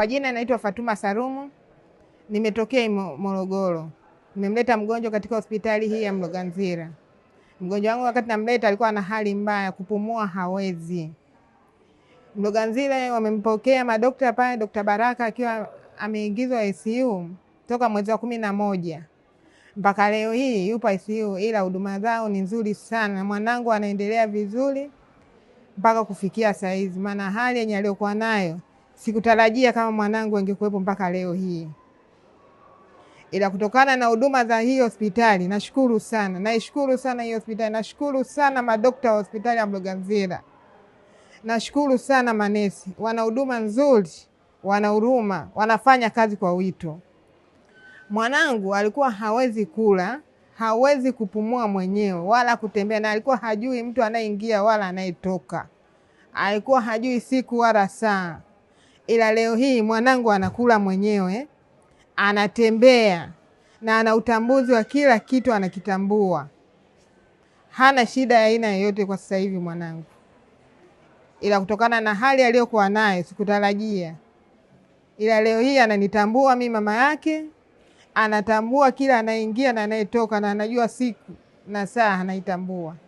Kwa jina naitwa Fatuma Sarumu, nimetokea Morogoro. Nimemleta mgonjwa katika hospitali hii ya Mloganzila. Mgonjwa wangu wakati namleta alikuwa na hali mbaya, kupumua hawezi. Mloganzila wamempokea madokta pale, Dokta Baraka akiwa ameingizwa ICU toka mwezi wa kumi na moja mpaka leo hii yupo ICU, ila huduma zao ni nzuri sana. Mwanangu anaendelea vizuri mpaka kufikia saizi, maana hali yenye aliyokuwa nayo Sikutarajia kama mwanangu angekuwepo mpaka leo hii, ila kutokana na huduma za hii hospitali nashukuru sana, naishukuru sana hii hospitali, nashukuru sana madokta wa hospitali ya Mloganzila, nashukuru sana manesi, wana huduma nzuri, wana huruma, wanafanya kazi kwa wito. Mwanangu alikuwa hawezi kula, hawezi kupumua mwenyewe wala kutembea, na alikuwa hajui mtu anayeingia wala anayetoka, alikuwa hajui siku wala saa ila leo hii mwanangu anakula mwenyewe, anatembea na ana utambuzi wa kila kitu, anakitambua, hana shida ya aina yoyote kwa sasa hivi mwanangu, ila kutokana na hali aliyokuwa nayo sikutarajia, ila leo hii ananitambua mi mama yake, anatambua kila anaingia na anayetoka, na anajua siku na saa anaitambua.